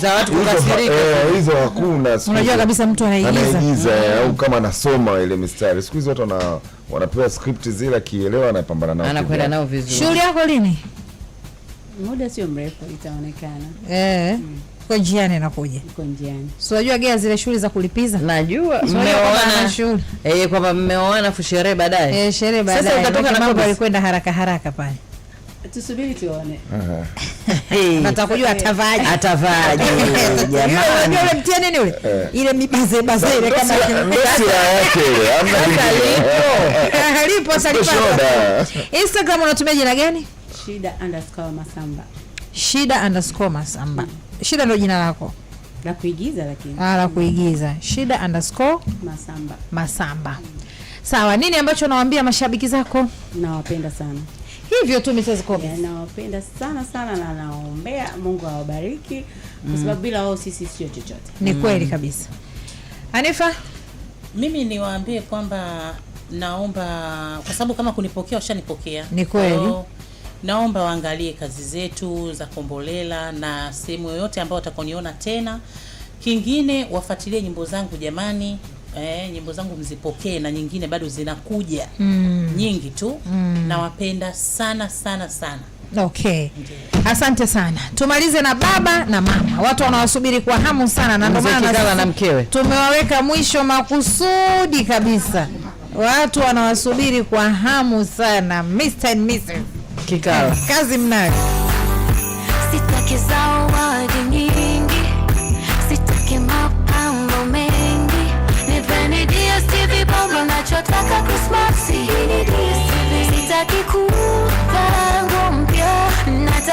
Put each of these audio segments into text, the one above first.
za watu kukasirika eh, hizo hakuna. Unajua kabisa mtu anaigiza anaigiza mm. au kama anasoma ile mistari, siku hizi watu wana wanapewa script zile, akielewa anapambana nao, anakwenda nao vizuri. Shughuli yako lini? Muda sio mrefu itaonekana eh mm. kwa njiani anakuja, kwa njiani. so unajua Gea zile shughuli za kulipiza, najua mmeoana shughuli eh, kwamba mmeoana fu sherehe baadaye, eh sherehe baadaye. Sasa ukatoka na mambo yalikwenda haraka haraka pale Tusubiri tuone. atavaje? Atavaje nini yule? Eh. Ile ile eh, Instagram unatumia jina gani? Shida underscore Masamba. Shida underscore Masamba. Shida jina lako la kuigiza lakini. Ah, la kuigiza. Shida underscore Masamba. Masamba. Sawa, nini ambacho unawaambia mashabiki zako? Nawapenda sana hivyo tu Mrs. Kobe. Nawapenda sana sana na naombea Mungu awabariki mm. sababu bila wao sisi sio chochote. Ni mm. kweli kabisa. Anifa, mimi niwaambie kwamba naomba kwa sababu kama kunipokea ushanipokea. Ni kweli. Naomba waangalie kazi zetu za Kombolela na sehemu yoyote ambayo watakoniona tena. Kingine wafuatilie nyimbo zangu jamani eh, nyimbo zangu mzipokee na nyingine bado zinakuja mm. nyingi tu mm. nawapenda sana sana sana. Okay. Asante sana. Tumalize na baba na mama, watu wanawasubiri kwa hamu sana, na ndio maana na mkewe tumewaweka mwisho makusudi kabisa. Watu wanawasubiri kwa hamu sana, Mr and Mrs Kikala, kazi mnayo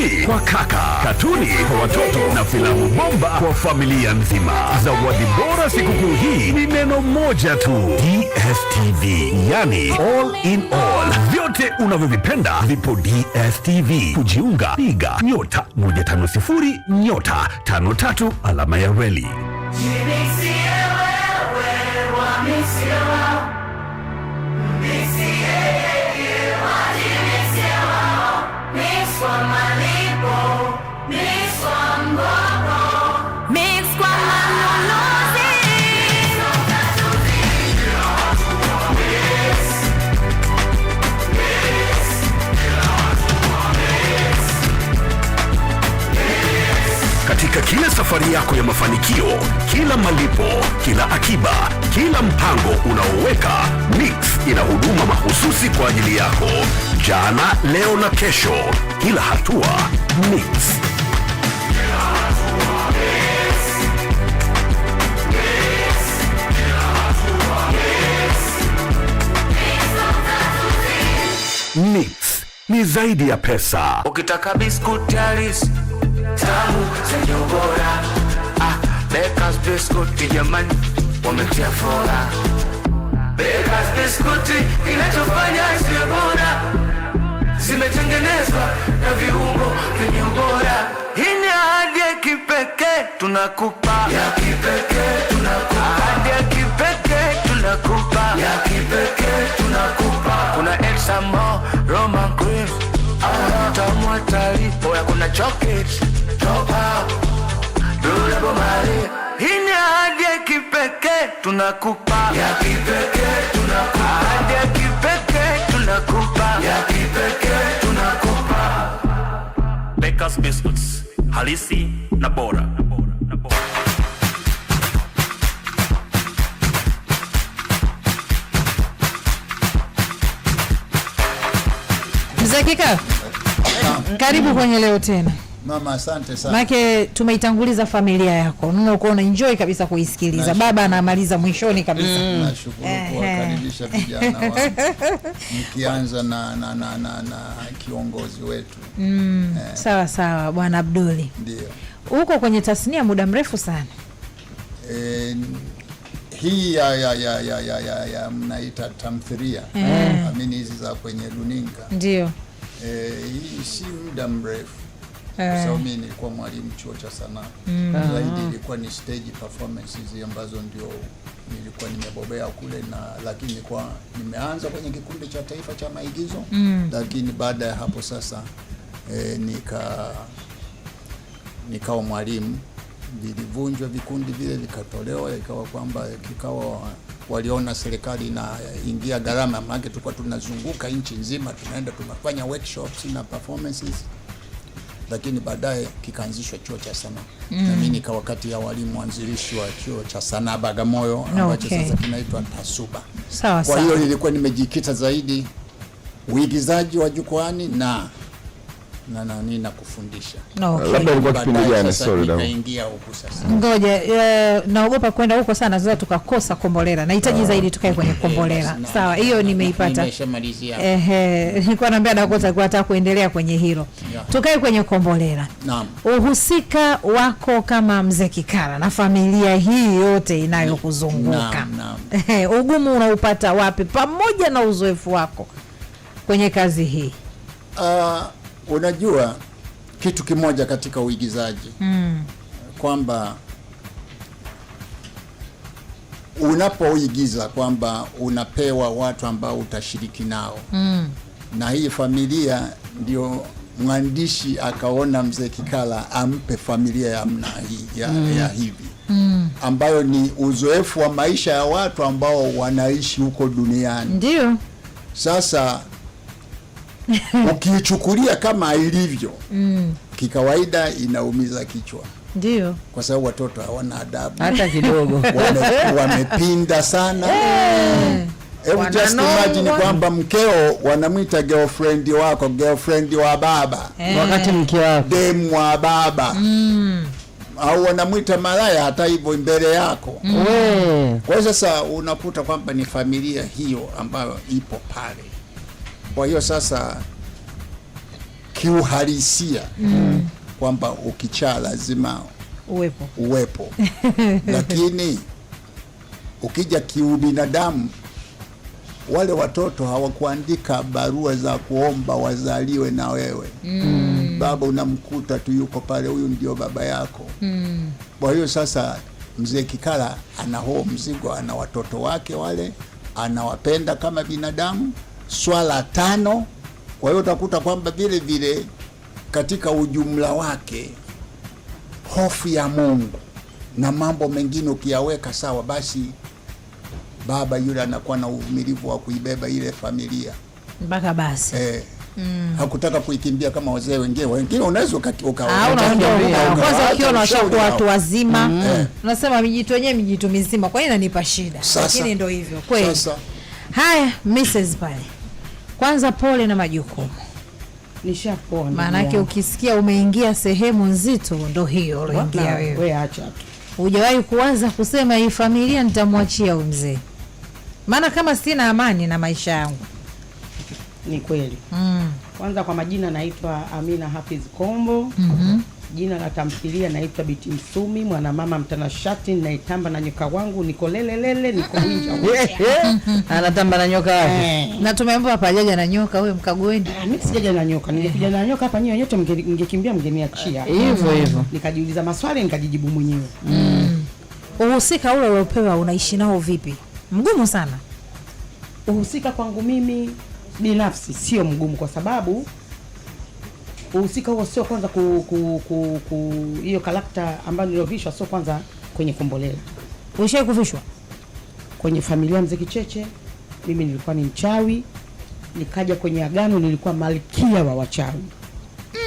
TV kwa kaka, katuni kwa watoto na filamu bomba kwa familia nzima. Zawadi bora sikukuu hii ni neno moja tu, DSTV, yani all in all. Vyote unavyovipenda vipo DSTV. Kujiunga piga nyota 150 nyota 53 alama ya reli. Katika kila safari yako ya mafanikio, kila malipo, kila akiba, kila mpango unaoweka, Mix ina huduma mahususi kwa ajili yako, jana, leo na kesho. Kila hatua Mix Nix ni zaidi ya pesa. Ukitaka biskuti halisi tamu zenye ubora, ah, Bakers biskuti jamani, wametia fora. Bekas biskuti kinachofanya isiwe bora, zimetengenezwa na viungo vyenye ubora. Hii ni ahadi ya kipekee tunakupa, ya kipekee tunakupa, ahadi ya kipekee tunakupa, ya kipekee tunakupa kuna Examo, Roman Queens, oya kuna Chokit, chopa Duda Bomari. hini ni ahadi ya kipekee tunakupa, ya kipeke tunakupa, ahadi ya kipekee tunakupa, ya kipeke tunakupa. Bakers Biscuits, halisi na bora. dakika karibu kwenye leo tena mama. Asante sana maake tumeitanguliza familia yako nuna uko na enjoy kabisa kuisikiliza. Baba anamaliza mwishoni kabisa. Mm. Mm. Nashukuru kuwakaribisha vijana wangu mkianza na, na, na, na, na kiongozi wetu mm, eh. Sawa sawa bwana Abduli, ndio uko kwenye tasnia muda mrefu sana eh, hii ya, ya, ya, ya, ya, ya, ya mnaita tamthilia eh. amini hizi za kwenye luninga ndio hii eh, si muda mrefu kwa eh. sababu mimi nilikuwa mwalimu chuo cha sanaa mm. zaidi. Ah. Ilikuwa ni stage performances ambazo ndio nilikuwa nimebobea kule, na lakini nilikuwa nimeanza kwenye kikundi cha taifa cha maigizo mm. Lakini baada ya hapo sasa e, nika nikawa mwalimu, vilivunjwa vikundi vile, vikatolewa, ikawa kwamba kikawa waliona serikali inaingia gharama, maanake tulikuwa tunazunguka nchi nzima, tunaenda tunafanya workshops na performances, lakini baadaye kikaanzishwa chuo cha sanaa mm. na mimi nikawa kati ya walimu wanzilishi wa chuo cha sanaa Bagamoyo ambacho okay. sasa kinaitwa Tasuba. Sawa, kwa hiyo nilikuwa nimejikita zaidi uigizaji wa jukwani na na nani na kufundisha. Okay. Labda ilikuwa kipindi gani? Sorry na ingia huko sasa. Ngoja, eh, naogopa kwenda huko sana sasa tukakosa Kombolela. Nahitaji ah, zaidi tukae kwenye Kombolela. Sawa, hiyo nimeipata. Ehe, nilikuwa naambia Dakota kwa nataka kuendelea kwenye hilo. Tukae kwenye Kombolela. Naam. Uhusika wako kama mzee Kikala na familia hii yote inayokuzunguka. Naam. Ugumu unaupata wapi pamoja na uzoefu wako kwenye kazi hii? Uh, Unajua kitu kimoja katika uigizaji mm, kwamba unapoigiza kwamba unapewa watu ambao utashiriki nao mm, na hii familia ndio mwandishi akaona Mzee Kikala ampe familia ya mna hii, ya, mm, ya hivi mm, ambayo ni uzoefu wa maisha ya watu ambao wanaishi huko duniani. Ndio sasa ukiichukulia kama ilivyo mm. kikawaida inaumiza kichwa ndio, kwa sababu watoto hawana adabu hata kidogo, wamepinda sana hey. Eh. Hebu just imagine kwamba mkeo wanamwita girlfriend wako girlfriend wa baba yeah. wakati mke wako dem wa baba mm. au wanamwita malaya hata hivyo mbele yako mm. Kwa hiyo sasa unakuta kwamba ni familia hiyo ambayo ipo pale kwa hiyo sasa kiuhalisia mm. kwamba ukichaa lazima uwepo, uwepo. Lakini ukija kiubinadamu wale watoto hawakuandika barua za kuomba wazaliwe na wewe mm. Baba unamkuta tu yuko pale, huyu ndio baba yako mm. Kwa hiyo sasa mzee Kikala ana huo mzigo, ana watoto wake wale anawapenda kama binadamu swala tano. Kwa hiyo utakuta kwamba vile vile katika ujumla wake hofu ya Mungu na mambo mengine ukiyaweka sawa, basi baba yule anakuwa na uvumilivu wa kuibeba ile familia mpaka basi eh, Mm. Hakutaka kuikimbia kama wazee wengine wengine, unaweza ah, kwanza ukiwa unawashakuwa watu wazima mm. mm. Unasema mijitu wenyewe mijitu mizima, kwa nini inanipa shida? Lakini ndio hivyo kweli. Sasa haya, Mrs. pale kwanza pole na majukumu, nishapona. Maanake ukisikia umeingia sehemu nzito, ndo hiyo uloingia wewe. Acha tu, hujawahi kuanza kusema hii familia nitamwachia huyu mzee, maana kama sina amani na maisha yangu. Ni kweli mm. Kwanza kwa majina naitwa Amina Hafiz Kombo mm -hmm. Jina la tamthilia naitwa Biti Msumi, mwanamama mtanashati, naitamba na nyoka wangu, niko lelelele, niko ninja. Anatamba na nyoka wake. Eh. Na tumeambiwa hapa jaja na nyoka huyo mkagweni. Ah, mimi sijaja na nyoka, ningekuja na nyoka hapa nyewe yote mngekimbia mngeniachia. Hivyo hivyo. Nikajiuliza maswali nikajijibu mwenyewe. Mm. Uhusika ule uliopewa unaishi nao vipi? Mgumu sana. Uhusika kwangu mimi binafsi sio mgumu kwa sababu uhusika huo sio kwanza ku, ku, ku, ku hiyo karakta ambayo niliovishwa sio kwanza kwenye Kombolela. Ulishawahi kuvishwa kwenye familia Mzee Kicheche? Mimi nilikuwa ni mchawi, nikaja kwenye Agano nilikuwa malkia wa wachawi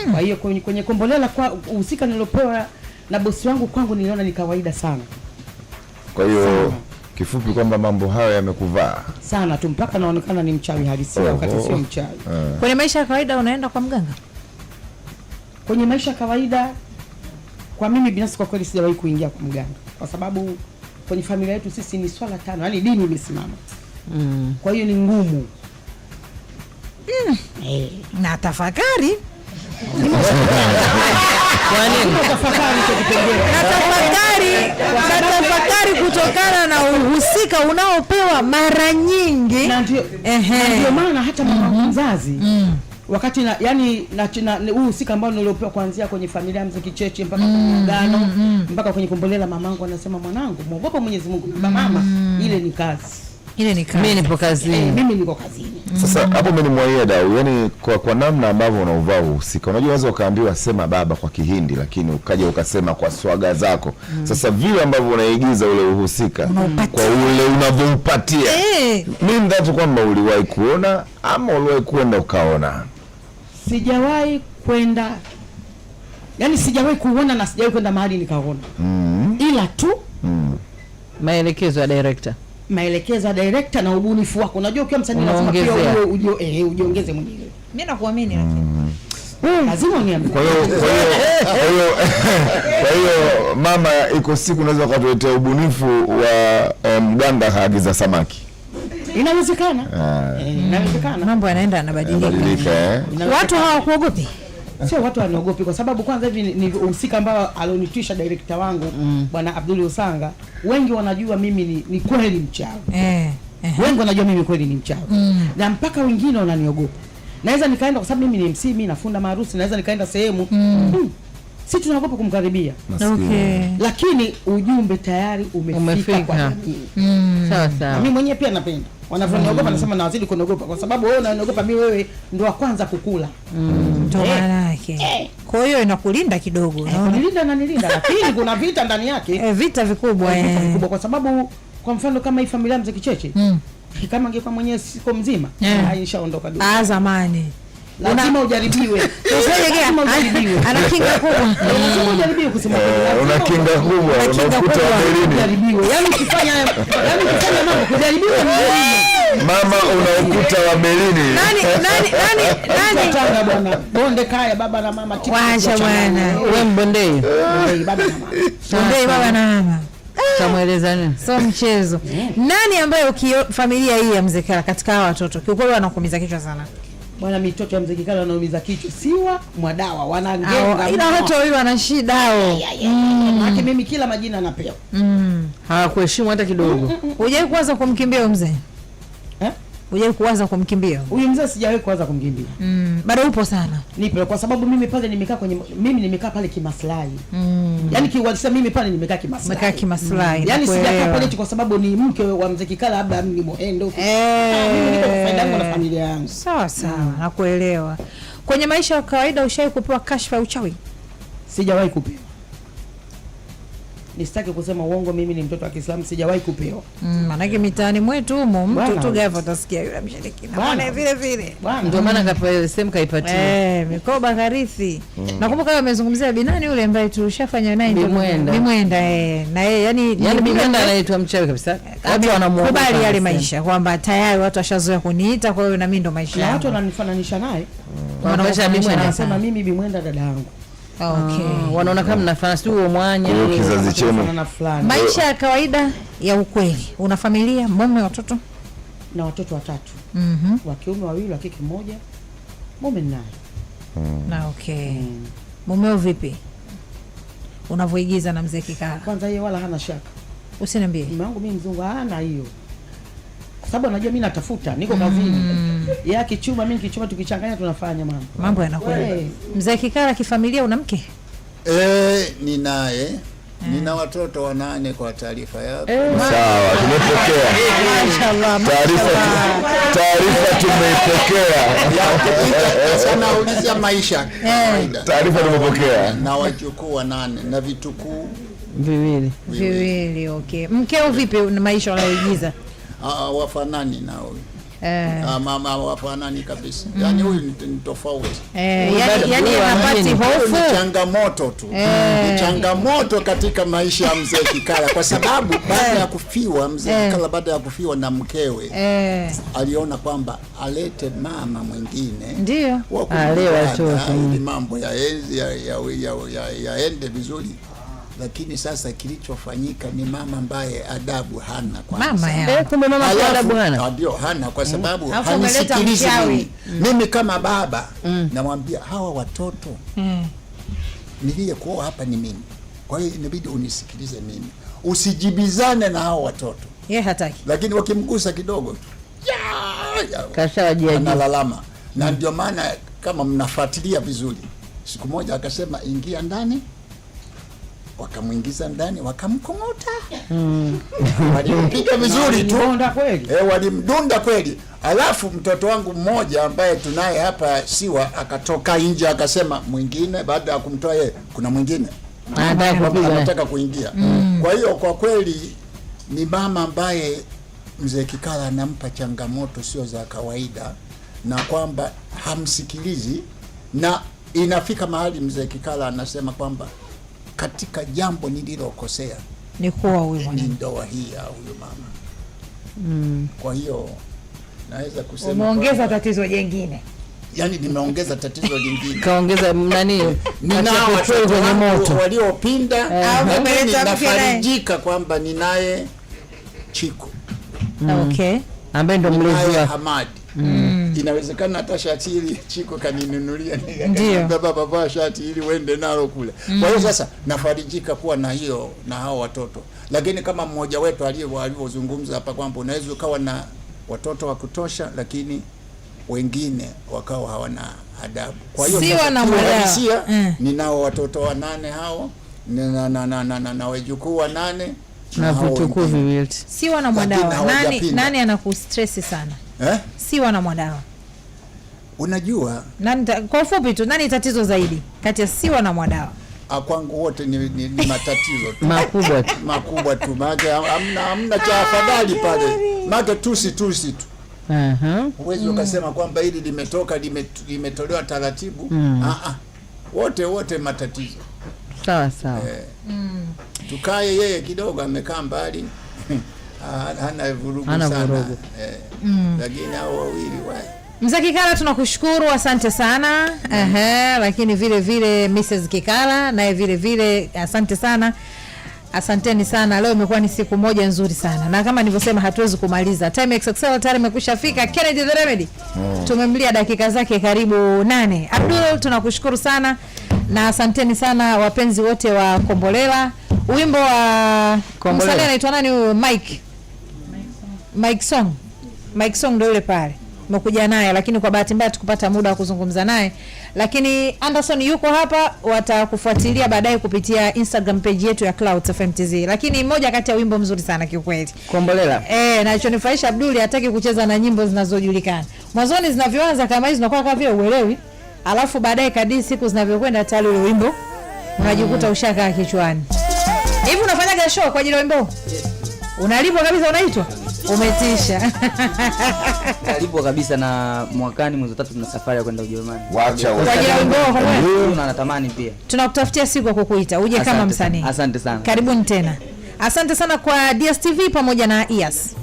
mm. Kwa hiyo kwenye, kwenye Kombolela kwa uhusika nilopewa na bosi wangu kwangu niliona ni kawaida sana. Kwa hiyo kifupi kwamba mambo hayo yamekuvaa sana tu mpaka naonekana ni mchawi halisia wakati sio mchawi. Eh. Kwenye maisha ya kawaida unaenda kwa mganga Kwenye maisha ya kawaida, kwa mimi binafsi, kwa kweli sijawahi kuingia kwa mganga, kwa sababu kwenye familia yetu sisi ni swala tano, yaani dini imesimama mm. Kwa hiyo ni ngumu mm. hey. Eh. na tafakari natafakari kutokana na uhusika unaopewa mara nyingi, ndio maana hata mama mm-hmm. mzazi mm wakati na yani na huu husika ambao niliopewa kuanzia kwenye familia ya mziki cheche mpaka mm, kwenye agano mm, mm, mpaka kwenye kombolela, mamangu anasema mwanangu, muogopa Mwenyezi Mungu. Mama mm, ile ni kazi, ile ni kazi. Mimi nipo kazini e, mimi niko kazini mm. sasa hapo mimi nimwaia dau, yani kwa, kwa namna ambavyo unaovaa usika unajua unaweza ukaambiwa sema baba kwa Kihindi, lakini ukaja ukasema kwa swaga zako mm. Sasa vile ambavyo unaigiza ule uhusika mm. kwa ule unavyoupatia hey. Eh. Mi mdhatu kwamba uliwahi kuona ama uliwahi kwenda ukaona sijawahi kwenda, yani sijawahi kuona na sijawahi kwenda mahali nikaona mm. ila tu mm. maelekezo ya director maelekezo ya director na ubunifu wako. Unajua ukiwa msanii lazima pia uwe eh, eh, ujiongeze mwenyewe. Mimi nakuamini lakini mm. kwa hiyo Kwa hiyo kwa hiyo mama, iko siku unaweza ukatuletea ubunifu wa eh, mganga um, haagiza samaki Inawezekana, ah. eh, inawezekana, mambo yanaenda yanabadilika. Eh. Watu hawakuogopi Sio watu wanaogopi, kwa sababu kwanza hivi ni, ni ambao alionitisha director wangu mm. Bwana Abdul Usanga. Wengi wanajua mimi ni, ni kweli mchawi eh, eh. Wengi wanajua mimi kweli ni mchawi mm. Na mpaka wengine wananiogopa. Naweza nikaenda kwa sababu mimi ni MC, mimi nafunda maharusi, naweza nikaenda sehemu mm. Hmm. Si tunaogopa kumkaribia okay. Lakini ujumbe tayari umefika, umefika kwa mm. Sawa sawa, mimi mwenyewe pia napenda wanavyoniogopa mm. Nasema nawazidi kuniogopa kwa sababu wewe unaniogopa mimi, wewe ndo wa kwanza kukula mm, ndo eh, maana yake eh. Kwa hiyo inakulinda kidogo eh, kunilinda na nilinda, lakini kuna vita ndani yake eh, vita vikubwa eh, vita eh. vikubwa kwa sababu kwa mfano kama hii familia mzee Kicheche mm. Kama angekuwa mwenyewe siko mzima yeah. Aishaondoka duka ah, zamani lazima ujaribiwe. una kinga kubwa, unakuta yaani yaani Mama unaokuta ukuta wa melini. bonde kaya baba na mama bwana. mbondei. Mbondei baba na mama. Eh. nini? So mchezo. Eh. Nani ambaye ukifamilia hii ya Mzee katika hawa watoto? Kiukweli wanakuumiza kichwa sana bwana, mitoto ya Mzegikala wanaumiza kichwa, siwa mwadawa wanangenga, ila watoto wao wana shida hao. Mm. Maana mimi kila majina napewa, mm. hawakuheshimu hata kidogo. hujai kuanza kumkimbia mzee Hujawahi kuanza kumkimbia huyu mzee? Sijawahi kuanza kumkimbia mm. Bado upo sana, nipo kwa sababu mimi pale nimekaa kwenye, mimi nimekaa pale kimaslahi mm. Yani kiwalisa mimi pale nimekaa kimaslahi, nimekaa kimaslahi mm. Yani sijakaa pale kwa sababu ni mke wa mzee Kikala, labda ni muendo eh, mimi niko kwa faida yangu na familia yangu. Sawa mm. sawa Nakuelewa. Kwenye maisha ya kawaida ushawahi kupewa kashfa ya uchawi? Sijawahi kupewa nisitaki kusema uongo, mimi ni mtoto wa Kiislamu, sijawahi kupewa mm, maanake. Mm, mitaani mwetu humo mtu tu gava utasikia yule mshirikina bwana vile vile, ndio maana kapewa sehemu kaipatia eh mikoba mm. Nakumbuka yeye amezungumzia binani yule ambaye tulishafanya naye ndio mwenda eh na yeye yani yani binani anaitwa mchawi kabisa, eh, watu wanamuogopa, kubali yale maisha kwamba tayari watu washazoea kuniita, kwa hiyo na mimi ndo maisha yangu, watu wananifananisha naye, wanamwona Bimwenda, nasema mimi Bimwenda dada yangu Ah, wanaona kama mnafana huo mwanya kizazi chenu. Maisha ya kawaida ya ukweli, una familia, mume, watoto na watoto watatu mm -hmm. wa kiume wawili, wa kike mmoja, mume nnaye mm. na okay mm. Mumeo vipi unavyoigiza na mzee Kikala? Kwanza yeye wala hana shaka, usiniambie mume wangu mimi mzungu, hana hiyo, kwa sababu anajua mimi natafuta, niko hmm. kazini mm. Mm. ya akichuma, mimi nikichuma, tukichanganya tunafanya mambo mambo yanakwenda. Mzee Kikara, kifamilia una mke? Eh, ninaye eh. nina watoto wanane kwa taarifa yako. Eh, Sawa, tumepokea taarifa, taarifa tumeipokea. Naulizia maisha eh. taarifa, tumepokea na wajukuu wanane na vitukuu viwili viwili. Okay, mkeo vipi, maisha wanayoigiza ah, ah, wafanani nao eh, ah, mama wafanani kabisa yani huyu ni tofauti eh, yani anapati yaani hofu. Ni changamoto tu eh, ni changamoto katika maisha ya mzee Kikala kwa sababu eh. baada ya kufiwa mzee eh. Kikala, baada ya kufiwa na mkewe eh, aliona kwamba alete mama mwingine ndio wakuelewa mambo yaende ya, ya, ya, ya, ya, ya vizuri lakini sasa kilichofanyika ni mama ambaye adabu hana kwanza, eh, ah, ndio hana kwa mm. sababu mm. hanisikilizi mimi mm. kama baba mm. namwambia hawa watoto mm. niliyekuoa hapa ni mimi, kwa hiyo inabidi unisikilize mimi, usijibizane na hawa watoto ye hataki, lakini wakimgusa kidogo analalama mm. na ndio maana kama mnafuatilia vizuri, siku moja akasema ingia ndani wakamwingiza ndani wakamkong'ota. mm. walimpiga vizuri tu e, walimdunda kweli. Alafu mtoto wangu mmoja ambaye tunaye hapa Siwa akatoka nje akasema, mwingine baada ya kumtoa yeye, kuna mwingine ah, anataka kuingia. mm. Kwa hiyo kwa kweli ni mama ambaye mzee Kikala anampa changamoto sio za kawaida, na kwamba hamsikilizi na inafika mahali mzee Kikala anasema kwamba katika jambo nililokosea ni kuwa ni ndoa hii ya huyu mama mm. Kwa hiyo naweza kusema umeongeza tatizo jengine, yani nimeongeza tatizo jingine kaongeza nani, ninao watoto moto waliopinda, eh. nafarijika kwamba ninaye Chiko, mm. okay, ambaye ndo mlezi wa Hamadi mm. Mm. inawezekana hata shati hili Chiko kaninunulia baba, vaa shati ili uende nalo kule. Mm. Kwa hiyo sasa nafarijika kuwa na hiyo na hao watoto, lakini kama mmoja wetu alivyozungumza hapa kwamba unaweza ukawa na watoto wa kutosha, lakini wengine wakawa hawana adabu. Kwa hiyo isia mm. ninao watoto wanane hao na, na, na, na, na, na wajukuu wanane na vitukuu viwili. Si wana mwadawa Nani, nani anakustress sana? eh? si wana Mwadao. Unajua nani, kwa ufupi tu, nani tatizo zaidi kati ya Siwa na Mwadawa? Ah, kwangu wote ni, ni, ni matatizo tu makubwa tu makubwa tu, maana hamna hamna cha afadhali pale, ah, maana tusi tusi tu huwezi uh mm. -huh. ukasema kwamba hili limetoka limetolewa lime taratibu mm. ah -ah. wote wote matatizo sawa sawa eh, mm. tukae yeye kidogo amekaa mbali Ah, hana vurugu hana vurugu eh. mm. lakini hao wawili wao Mzee Kikala tunakushukuru, asante sana mm. Ehe, lakini vile vile Mrs Kikala naye vile vile asante sana, asanteni sana. Leo imekuwa ni siku moja nzuri sana, na kama nilivyosema hatuwezi kumaliza. Time excel tayari imekwisha fika. Mm. Kennedy the Remedy mm. tumemlia dakika zake karibu nane. Abdul tunakushukuru sana na asanteni sana wapenzi wote wa Kombolela. Wimbo wa Kombolela unaitwa nani huyo Mike Mike Song, Mike Song ndio yule pale mekuja naye, lakini kwa bahati mbaya tukupata muda wa kuzungumza naye, lakini Anderson yuko hapa, watakufuatilia baadaye kupitia Instagram page yetu ya Clouds FM TZ. Lakini mmoja kati ya wimbo mzuri sana kiukweli, Kombolela. Eh, na Abduli hataki kucheza na nyimbo zinazojulikana mwanzoni, zinavyoanza kama hizi zinakuwa kama vile uelewi, alafu baadaye kadri siku zinavyokwenda tayari ule wimbo unajikuta mm, ushakaa kichwani. Hivi unafanyaga show kwa ajili ya wimbo? Yes. Unalipwa kabisa unaitwa? Umetisha. Karibu kabisa na mwakani mwezi tatu na safari ya kwenda Ujerumani. Wacha na pia. Tunakutafutia siku ya kukuita uje kama msanii. Asante sana. Karibuni tena. Asante sana kwa DSTV pamoja na IAS. E